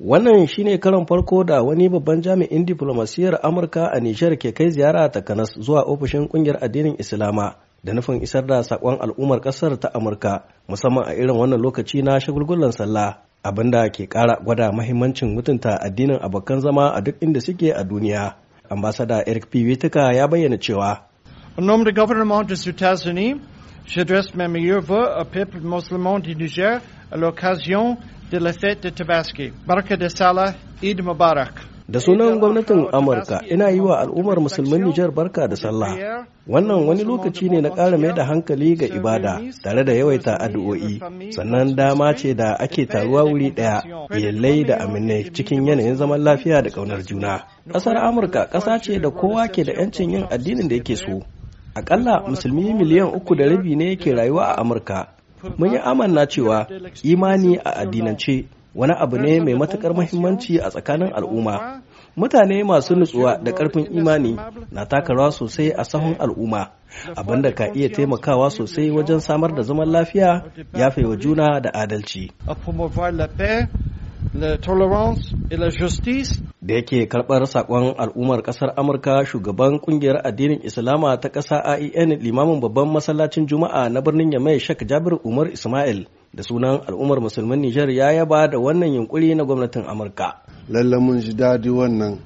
Wannan shine karon farko da wani babban jami'in diflomasiyyar Amurka a Nijar ke kai ziyara ta Kanas zuwa ofishin kungiyar addinin Islama da nufin isar da sakon al'ummar ƙasar ta Amurka musamman a irin wannan lokaci na shagulgulan sallah abinda ke kara gwada mahimmancin mutunta addinin abokan zama a duk inda suke a duniya. Ambasada Eric P. Wituka ya bayyana cewa. Au nom du gouvernement des états mes meilleurs voeux au peuple musulman du Niger à l'occasion de la fête Tabaski. Barka da Sala, Eid Mubarak. Da sunan gwamnatin Amurka ina yi wa al'ummar musulmin Nijar barka da sallah. Wannan wani lokaci ne na ƙara mai da hankali ga ibada tare da yawaita addu'o'i, sannan dama ce da ake taruwa wuri ɗaya, iyalai da aminai cikin yanayin zaman lafiya da ƙaunar juna. Ƙasar Amurka ƙasa ce da kowa ke da 'yancin yin addinin da yake so. Aƙalla musulmi miliyan uku da rabi ne ke rayuwa a Amurka, mun yi amanna cewa imani a addinance wani abu ne mai matukar muhimmanci a tsakanin al'umma mutane masu nutsuwa da karfin imani na taka rawa sosai a sahun al'umma abinda ka iya taimakawa sosai wajen samar da zaman lafiya wa juna da adalci la tolerance et la justice da yake karɓar sakon al'ummar ƙasar amurka shugaban ƙungiyar addinin islama ta ƙasa AIN e limamin babban masallacin juma'a na birnin yamai shak jabir umar ismail da sunan al'ummar musulmin nijar ya yaba da wannan yunkuri na gwamnatin amurka lalle mun ji daɗi wannan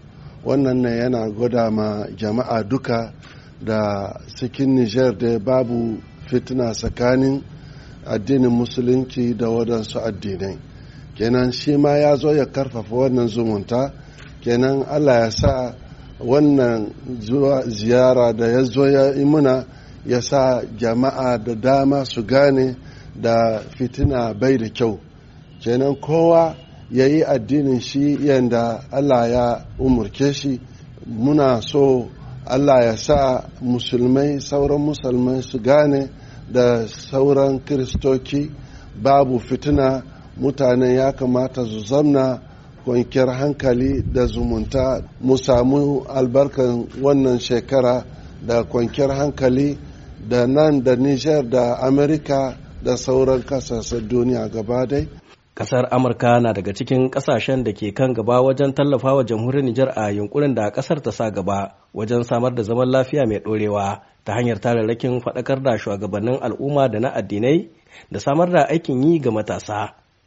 wannan ne yana gwada ma jama'a duka da cikin nijar da babu fitina tsakanin addinin musulunci da wadansu addinai kenan shi ma ya zo ya karfafa wannan zumunta kenan allah ya sa wannan ziyara da ya zo ya imuna ya sa jama'a da dama su gane da fitina bai da kyau kenan kowa ya yi addinin shi yadda allah ya umurke shi muna so allah ya sa musulmai sauran musulmai su gane da sauran kiristoci babu fitina mutane ya kamata su zamna kwanciyar hankali da zumunta mu samu albarkan wannan shekara da kwanciyar hankali da nan da niger da amerika da sauran kasashen duniya gaba dai Kasar Amurka na daga cikin kasashen da ke kan gaba wajen tallafa wa jamhuriyar Nijar a yunkurin da kasar ta sa gaba wajen samar da zaman lafiya mai ɗorewa ta hanyar tararrakin faɗakar da shugabannin al'umma da na addinai da samar da aikin yi ga matasa